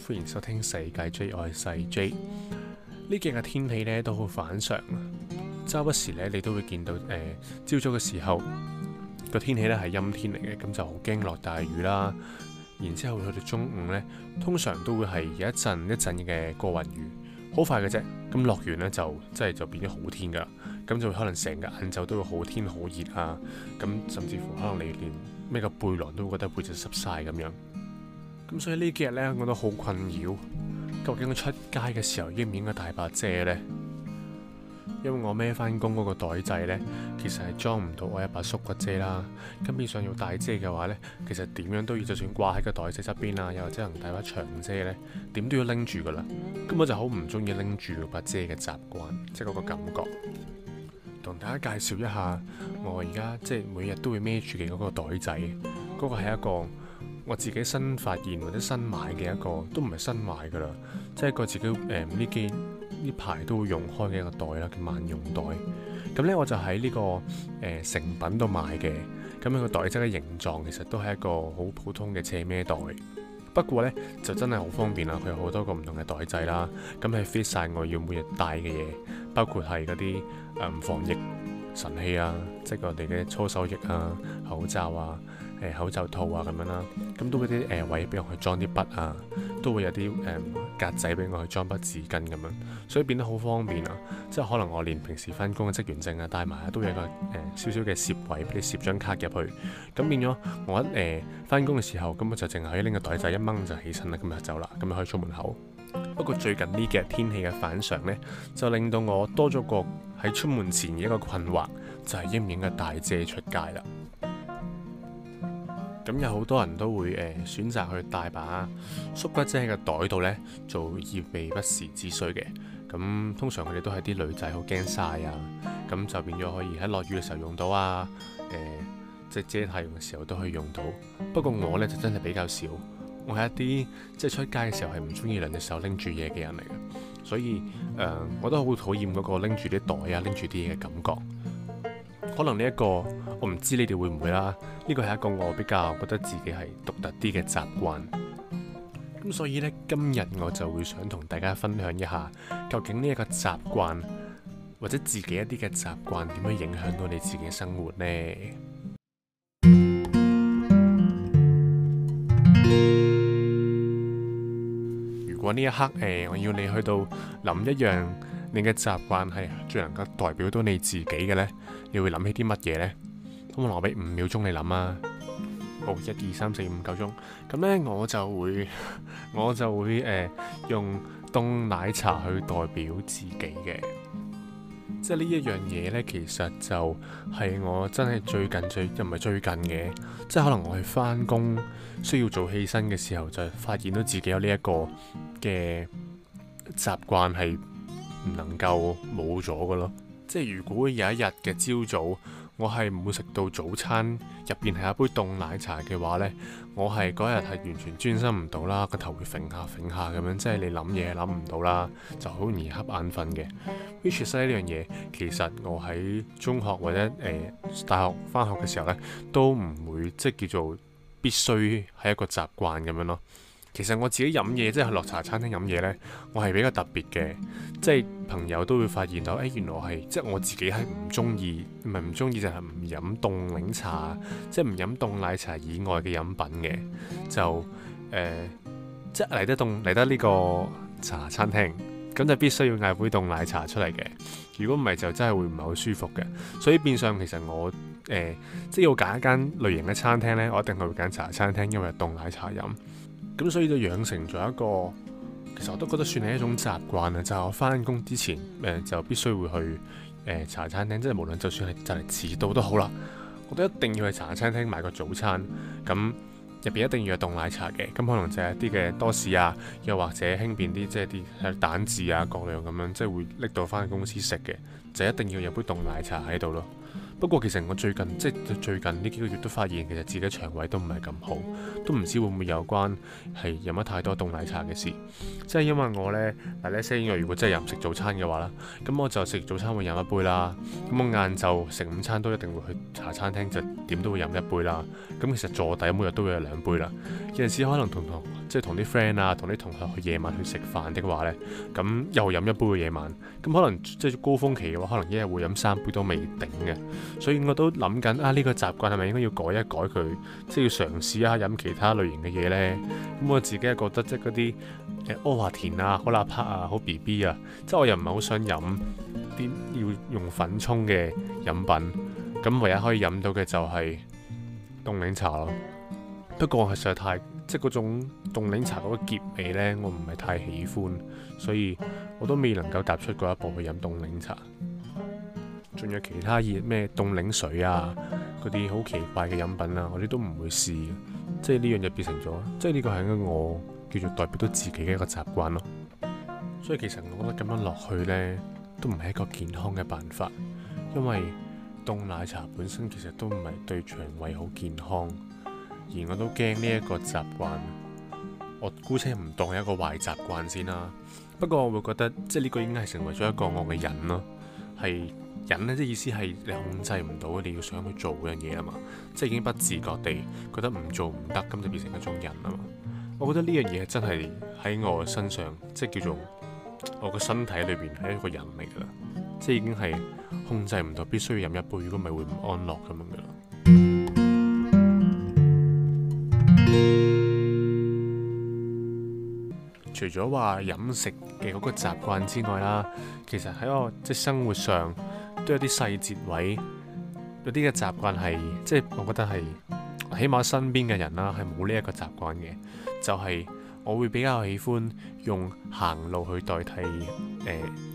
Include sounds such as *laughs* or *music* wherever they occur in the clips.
歡迎收聽世界最愛細 J。呢幾日天氣咧都好反常啊！周不時咧，你都會見到誒、呃，朝早嘅時候個天氣咧係陰天嚟嘅，咁就好驚落大雨啦。然之後去到中午咧，通常都會係有一陣一陣嘅過雲雨，好快嘅啫。咁落完咧就真係就變咗好天噶啦。咁就會可能成個晏晝都會好天好熱啊。咁甚至乎可能你連孭個背囊都會覺得背脊濕晒咁樣。咁所以幾呢幾日咧，我都好困擾，究竟我出街嘅時候應唔應該帶把遮呢？因為我孭翻工嗰個袋仔呢，其實係裝唔到我一把縮骨遮啦。咁面想要帶遮嘅話呢，其實點樣都要，就算掛喺個袋仔側邊啊，又或者能帶把長遮呢，點都要拎住㗎啦。根本就好唔中意拎住把遮嘅習慣，即係嗰個感覺。同大家介紹一下，我而家即係每日都會孭住嘅嗰個袋仔，嗰、那個係一個。我自己新發現或者新買嘅一個都唔係新買噶啦，即係一個自己誒呢機呢排都會用開嘅一個袋啦，叫萬用袋。咁呢，我就喺呢、這個誒、呃、成品度買嘅。咁呢個袋仔嘅形狀其實都係一個好普通嘅斜孭袋，不過呢，就真係好方便啦。佢有好多個唔同嘅袋仔啦，咁係 fit 晒我要每日帶嘅嘢，包括係嗰啲防疫神器啊，即係我哋嘅搓手液啊、口罩啊。誒、呃、口罩套啊咁樣啦，咁都會啲誒、呃、位俾我去裝啲筆啊，都會有啲誒、呃、格仔俾我去裝筆紙巾咁樣，所以變得好方便啊！即係可能我連平時翻工嘅職員證啊帶埋啊，都會有個誒、呃、少少嘅攝位俾你攝張卡入去，咁變咗我誒翻工嘅時候，咁我就淨係拎個袋仔一掹就起身啦，咁就走啦，咁就可以出門口。不過最近呢幾日天，天，天氣嘅反常呢，就令到我多咗個喺出門前嘅一個困惑，就係、是、應唔應該帶遮出街啦。咁有好多人都會誒、呃、選擇去帶把縮骨遮嘅袋度呢，做以備不時之需嘅。咁通常佢哋都係啲女仔好驚曬啊，咁就變咗可以喺落雨嘅時候用到啊，誒即係遮太陽嘅時候都可以用到。不過我呢就真係比較少，我係一啲即係出街嘅時候係唔中意兩隻手拎住嘢嘅人嚟嘅，所以誒、呃、我都好討厭嗰個拎住啲袋啊拎住啲嘢嘅感覺。可能呢一個我唔知你哋會唔會啦，呢個係一個我比較我覺得自己係獨特啲嘅習慣。咁所以呢，今日我就會想同大家分享一下，究竟呢一個習慣或者自己一啲嘅習慣，點樣影響到你自己嘅生活呢？如果呢一刻誒，我要你去到諗一樣。你嘅習慣係最能夠代表到你自己嘅呢？你會諗起啲乜嘢呢？咁我留俾五秒鐘你諗啊。好、哦，一、二、三、四、五，夠鍾。咁呢，我就會 *laughs* 我就會誒、呃、用凍奶茶去代表自己嘅，即係呢一樣嘢呢，其實就係我真係最近最又唔係最近嘅，即係可能我喺返工需要早起身嘅時候，就發現到自己有呢一個嘅習慣係，唔能夠冇咗噶咯，即係如果有一日嘅朝早，我係唔會食到早餐入邊係一杯凍奶茶嘅話呢，我係嗰日係完全專心唔到啦，個頭會揈下揈下咁樣，即係你諗嘢諗唔到啦，就好容易瞌眼瞓嘅。Which 其實呢樣嘢，其實我喺中學或者誒、呃、大學返學嘅時候呢，都唔會即係叫做必須係一個習慣咁樣咯。其實我自己飲嘢，即係落茶餐廳飲嘢呢，我係比較特別嘅，即係朋友都會發現到，誒，原來係即係我自己係唔中意，唔係唔中意就係唔飲凍檸茶，即係唔飲凍奶茶以外嘅飲品嘅，就誒即係嚟得凍嚟得呢個茶餐廳，咁就必須要嗌杯凍奶茶出嚟嘅。如果唔係就真係會唔係好舒服嘅。所以變相其實我誒即係要揀一間類型嘅餐廳呢，我一定係會揀茶餐廳，因為係凍奶茶飲。咁所以就養成咗一個，其實我都覺得算係一種習慣啦。就係我翻工之前，誒就必須會去誒茶餐廳，即係無論就算係就嚟遲到都好啦，我都一定要去茶餐廳買個早餐。咁入邊一定要有凍奶茶嘅，咁可能就係啲嘅多士啊，又或者輕便啲即係啲蛋治啊各樣咁樣，即係會拎到翻去公司食嘅，就一定要有杯凍奶茶喺度咯。不過其實我最近即係最近呢幾個月都發現，其實自己腸胃都唔係咁好，都唔知會唔會有關係飲咗太多凍奶茶嘅事。即係因為我咧嗱，呢星期如果真係飲食早餐嘅話啦，咁我就食完早餐會飲一杯啦。咁我晏晝食午餐都一定會去茶餐廳，就點都會飲一杯啦。咁其實坐底每日都會有兩杯啦。有陣時可能同同即係同啲 friend 啊，同啲同學去夜晚去食飯的話呢，咁又飲一杯喺夜晚。咁可能即係高峰期嘅話，可能一日會飲三杯都未頂嘅。所以我都諗緊啊，呢、呢個習慣係咪應該要改一改佢，即係要嘗試一下飲其他類型嘅嘢呢？咁我自己係覺得即係嗰啲誒阿華田啊，啊、好立克啊、好 B B 啊，即係我又唔係好想飲啲要用粉沖嘅飲品。咁唯一可以飲到嘅就係凍檸茶咯。不過係實在太即係嗰種凍檸茶嗰個澀味呢，我唔係太喜歡，所以我都未能夠踏出嗰一步去飲凍檸茶。仲有其他熱咩凍檸水啊，嗰啲好奇怪嘅飲品啊，我哋都唔會試。即係呢樣就變成咗，即係呢個係一個我叫做代表到自己嘅一個習慣咯。所以其實我覺得咁樣落去呢，都唔係一個健康嘅辦法，因為凍奶茶本身其實都唔係對腸胃好健康。而我都驚呢一個習慣，我姑且唔當係一個壞習慣先啦。不過我會覺得，即係呢個已經係成為咗一個我嘅癮咯，係。人咧，即係意思係你控制唔到，你要想去做嗰樣嘢啊嘛，即係已經不自覺地覺得唔做唔得，咁就變成一種人啊嘛。我覺得呢樣嘢真係喺我身上，即係叫做我個身體裏邊係一個人嚟噶啦，即係已經係控制唔到，必須要飲一杯，如果唔係會唔安樂咁樣噶啦。嗯、除咗話飲食嘅嗰個習慣之外啦，其實喺我即係生活上，都有啲細節位，有啲嘅習慣係，即係我覺得係，起碼身邊嘅人啦，係冇呢一個習慣嘅。就係我會比較喜歡用行路去代替誒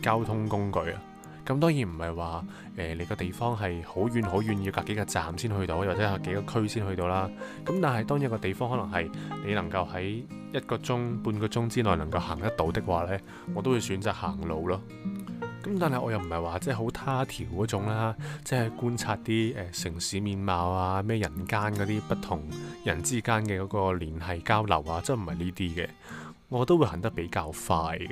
交通工具啊。咁當然唔係話誒你個地方係好遠好遠，要隔幾個站先去到，或者係幾個區先去到啦。咁但係當一個地方可能係你能夠喺一個鐘、半個鐘之內能夠行得到的話呢，我都會選擇行路咯。咁但係我又唔係話即係好他條嗰種啦，即係觀察啲誒、呃、城市面貌啊，咩人間嗰啲不同人之間嘅嗰個聯繫交流啊，真係唔係呢啲嘅。我都會行得比較快嘅，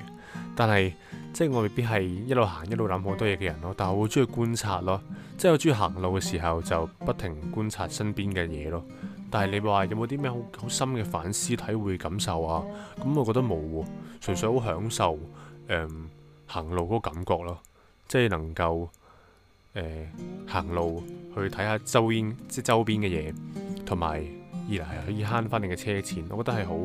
但係即係我未必係一路行一路諗好多嘢嘅人咯。但係我會鍾意觀察咯，即係我鍾意行路嘅時候就不停觀察身邊嘅嘢咯。但係你話有冇啲咩好好深嘅反思體會感受啊？咁、嗯、我覺得冇喎，純粹好享受誒。呃行路嗰個感覺咯，即係能夠誒、呃、行路去睇下周邊即係周邊嘅嘢，同埋二嚟係可以慳翻你嘅車錢，我覺得係好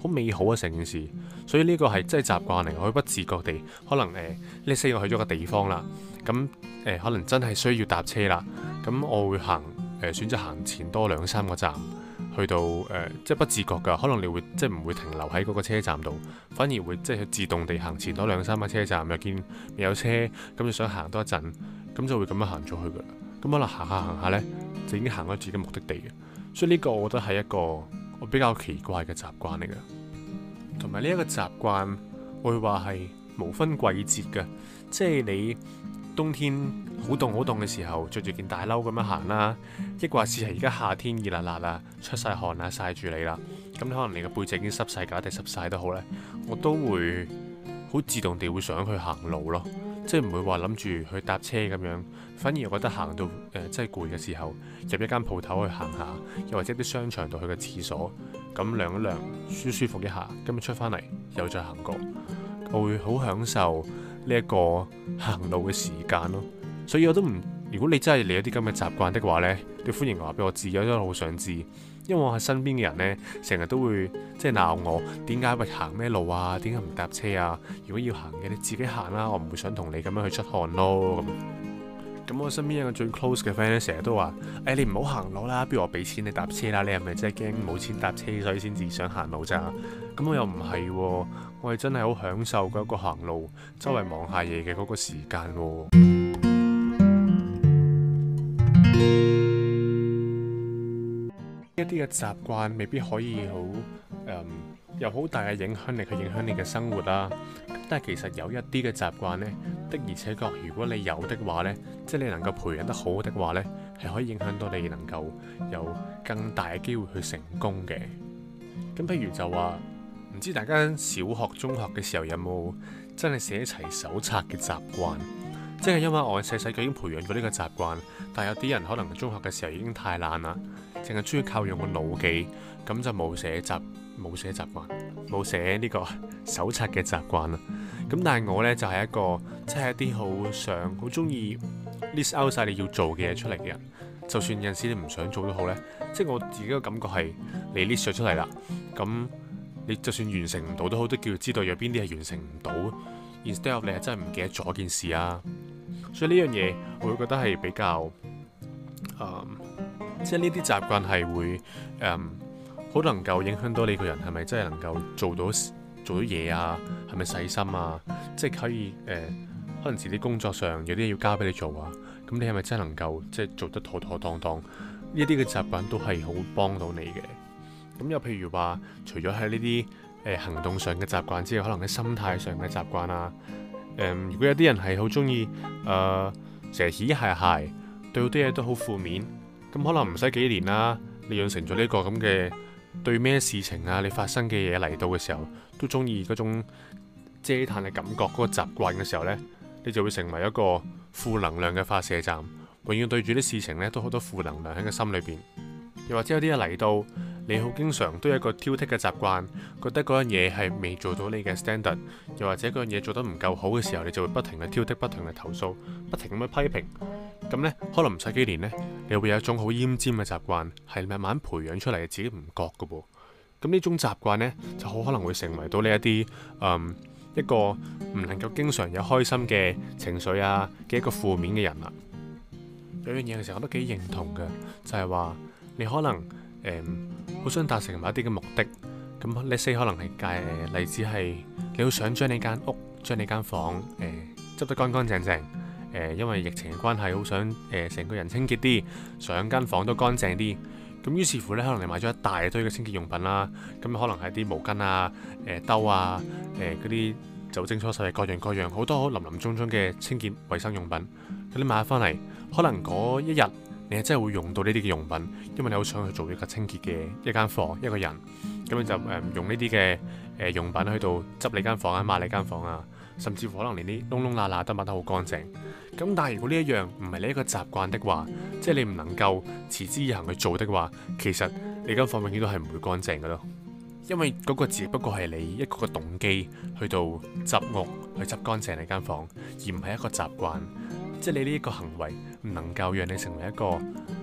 好美好啊成件事，所以呢個係真係習慣嚟，我會不自覺地可能誒呢、呃、四個去咗個地方啦，咁誒、呃、可能真係需要搭車啦，咁我會行誒、呃、選擇行前多兩三個站。去到誒、呃，即係不自覺㗎。可能你會即係唔會停留喺嗰個車站度，反而會即係自動地行前多兩三個車站。又見有車咁，就想行多一陣，咁就會咁樣行咗去㗎。咁可能行下行下呢，就已經行到自己目的地嘅。所以呢個我覺得係一個我比較奇怪嘅習慣嚟㗎。同埋呢一個習慣，我會話係無分季節嘅，即係你。冬天好凍好凍嘅時候，着住件大褸咁樣行啦，抑或是係而家夏天熱辣辣啊，出晒汗啊，晒住你啦，咁可能你嘅背脊已經濕曬㗎，定濕晒都好咧，我都會好自動地會想去行路咯，即係唔會話諗住去搭車咁樣，反而我覺得行到誒、呃、真係攰嘅時候，入一間鋪頭去行下，又或者啲商場度去個廁所，咁涼一涼，舒舒服一下，跟住出翻嚟又再行過，我會好享受。呢一個行路嘅時間咯，所以我都唔，如果你真係你有啲咁嘅習慣的話呢，你歡迎話俾我知，因為我都好想知，因為我喺身邊嘅人呢，成日都會即係鬧我點解會行咩路啊，點解唔搭車啊？如果要行嘅，你自己行啦，我唔會想同你咁樣去出汗咯咁。咁、嗯、我身邊一個最 close 嘅 friend 咧，成日都話：誒、哎、你唔好行路啦，不如我俾錢你搭車啦？你係咪真係驚冇錢搭車所以先至想行路咋？咁我又唔係喎。我哋真係好享受嗰個行路，周圍望下嘢嘅嗰個時間，哦。一啲嘅習慣未必可以好，嗯，有好大嘅影響力去影響你嘅生活啦。但係其實有一啲嘅習慣呢，的而且確，如果你有的話呢，即係你能夠培養得好的話呢，係可以影響到你能夠有更大嘅機會去成功嘅。咁譬如就話。唔知大家小學、中學嘅時候有冇真係寫齊手冊嘅習慣？即係因為我係細細個已經培養咗呢個習慣，但有啲人可能中學嘅時候已經太懶啦，淨係中意靠用個腦記，咁就冇寫習冇寫習慣，冇寫呢個手冊嘅習慣啦。咁但係我呢，就係、是、一個即係、就是、一啲好想好中意 list out 晒你要做嘅嘢出嚟嘅人，就算有陣時你唔想做都好呢，即係我自己嘅感覺係你 list 咗出嚟啦，咁。你就算完成唔到都好，都叫知道有邊啲係完成唔到。Instead of 你係真係唔記得咗件事啊，所以呢樣嘢我會覺得係比較，嗯、即係呢啲習慣係會，誒、嗯，好能夠影響到你個人係咪真係能夠做到做到嘢啊？係咪細心啊？即係可以誒、呃，可能自己工作上有啲嘢要交俾你做啊，咁你係咪真係能夠即係做得妥妥當當，當？呢啲嘅習慣都係好幫到你嘅。咁又譬如話，除咗喺呢啲誒行動上嘅習慣之外，可能喺心態上嘅習慣啊。誒、嗯，如果有啲人係好中意誒成日扯鞋鞋，對好啲嘢都好負面，咁可能唔使幾年啦，你養成咗呢個咁嘅對咩事情啊，你發生嘅嘢嚟到嘅時候，都中意嗰種遮嘆嘅感覺嗰、嗰個習慣嘅時候呢，你就會成為一個負能量嘅發射站，永遠對住啲事情呢都好多負能量喺個心裏邊。又或者有啲嘢嚟到。你好經常都有一個挑剔嘅習慣，覺得嗰樣嘢係未做到你嘅 standard，又或者嗰樣嘢做得唔夠好嘅時候，你就會不停嘅挑剔，不停嘅投訴，不停咁樣批評。咁呢，可能唔使幾年呢，你會有一種好奄尖嘅習慣，係你慢慢培養出嚟，自己唔覺嘅噃。咁呢種習慣呢，就好可能會成為到你一啲，嗯，一個唔能夠經常有開心嘅情緒啊嘅一個負面嘅人啦。有樣嘢其實我都幾認同嘅，就係話你可能誒。嗯好想達成某一啲嘅目的，咁 let's say 可能係介、呃、例子係，你好想將你間屋、將你間房誒執得乾乾淨淨，誒、呃、因為疫情嘅關係，好想誒成、呃、個人清潔啲，上間房都乾淨啲。咁於是乎咧，可能你買咗一大堆嘅清潔用品啦，咁可能係啲毛巾啊、誒、呃、兜啊、誒嗰啲酒精搓手液各樣各樣，好多好林林總總嘅清潔衞生用品，你買翻嚟，可能嗰一日。你真係會用到呢啲嘅用品，因為你好想去做一個清潔嘅一間房一個人，咁你就誒用呢啲嘅誒用品去到執你間房啊、抹你間房啊，甚至乎可能連啲窿窿罅罅都抹得好乾淨。咁但係如果呢一樣唔係你一個習慣的話，即係你唔能夠持之以恒去做的話，其實你間房永遠都係唔會乾淨嘅咯，因為嗰個只不過係你一個個動機去到執屋去執乾淨你間房，而唔係一個習慣。即係你呢一個行為唔能夠讓你成為一個誒、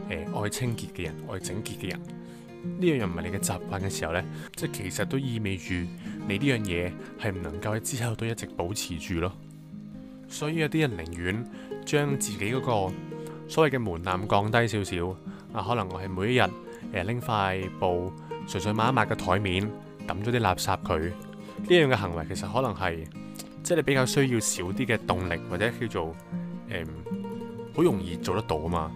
呃、愛清潔嘅人，愛整潔嘅人呢樣又唔係你嘅習慣嘅時候呢，即係其實都意味住你呢樣嘢係唔能夠喺之後都一直保持住咯。所以有啲人寧願將自己嗰個所謂嘅門檻降低少少啊，可能我係每一日誒拎塊布，純粹抹一抹個台面，抌咗啲垃圾佢呢樣嘅行為，其實可能係即係你比較需要少啲嘅動力，或者叫做。誒，好，um，容易做得到啊嘛，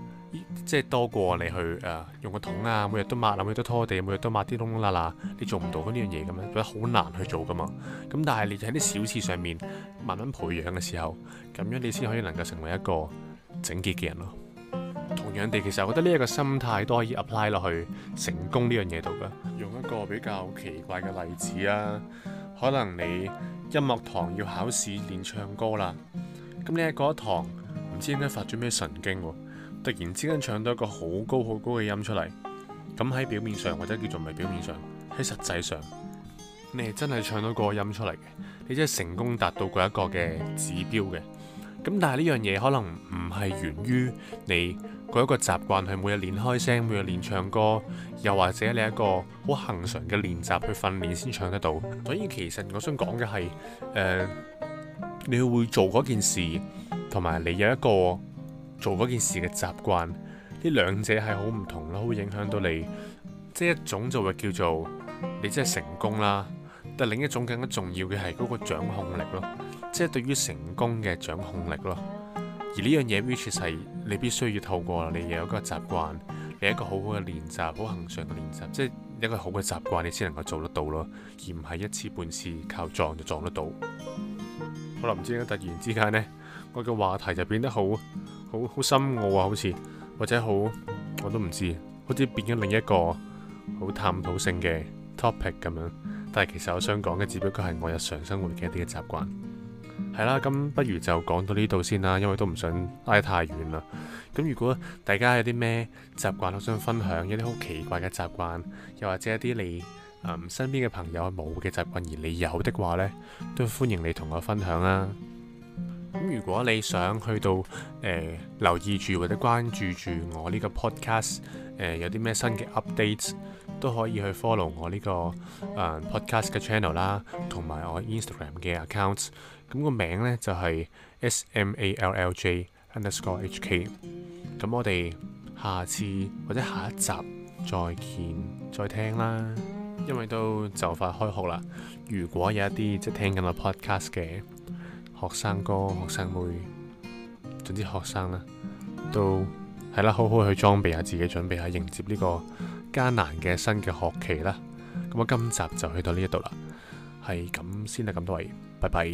即係多過你去誒、呃、用個桶啊，每日都抹，每日都拖地，每日都抹啲窿窿罅罅，你做唔到呢樣嘢咁樣，覺得好難去做噶嘛咁但係你喺啲小事上面慢慢培養嘅時候，咁樣你先可以能夠成為一個整潔嘅人咯。同樣地，其實我覺得呢一個心態都可以 apply 落去成功呢樣嘢度噶。用一個比較奇怪嘅例子啊，可能你音樂堂要考試練唱歌啦。咁你喺嗰一堂唔知點解發咗咩神經喎，突然之間唱到一個好高好高嘅音出嚟，咁喺表面上或者叫做唔係表面上，喺實際上你係真係唱到嗰個音出嚟嘅，你真係成功達到嗰一個嘅指標嘅。咁但係呢樣嘢可能唔係源於你嗰一個習慣係每日練開聲，每日練唱歌，又或者你一個好恒常嘅練習去訓練先唱得到。所以其實我想講嘅係誒。呃你會做嗰件事，同埋你有一個做嗰件事嘅習慣，呢兩者係好唔同咯，好會影響到你。即係一種就會叫做你即係成功啦，但另一種更加重要嘅係嗰個掌控力咯，即係對於成功嘅掌控力咯。而呢樣嘢，which 係你必須要透過你有一個習慣，你有一個好好嘅練習，好恒常嘅練習，即係一個好嘅習慣，你先能夠做得到咯，而唔係一次半次靠撞就撞得到。可能唔知點解突然之間呢，我嘅話題就變得好好深奧啊，好似或者好我都唔知，好似變咗另一個好探討性嘅 topic 咁樣。但係其實我想講嘅只不過係我日常生活嘅一啲嘅習慣。係啦，咁不如就講到呢度先啦，因為都唔想拉得太遠啦。咁如果大家有啲咩習慣我想分享，一啲好奇怪嘅習慣，又或者一啲你～身邊嘅朋友冇嘅習慣，而你有的話呢，都歡迎你同我分享啦。咁如果你想去到誒、呃、留意住或者關注住我呢個 podcast，呃、有啲咩新嘅 update，都可以去 follow 我呢個 podcast 嘅 channel 啦，同埋我 Instagram 嘅 accounts。咁個名呢就係、是、s m a l l j underscore h k。咁我哋下次或者下一集再見，再聽啦。因為都就快開學啦，如果有一啲即係聽緊我 podcast 嘅學生哥、學生妹，總之學生啦，都係啦，好好去裝備下自己，準備下迎接呢個艱難嘅新嘅學期啦。咁啊，今集就去到呢一度啦，係咁先啦，咁多位，拜拜。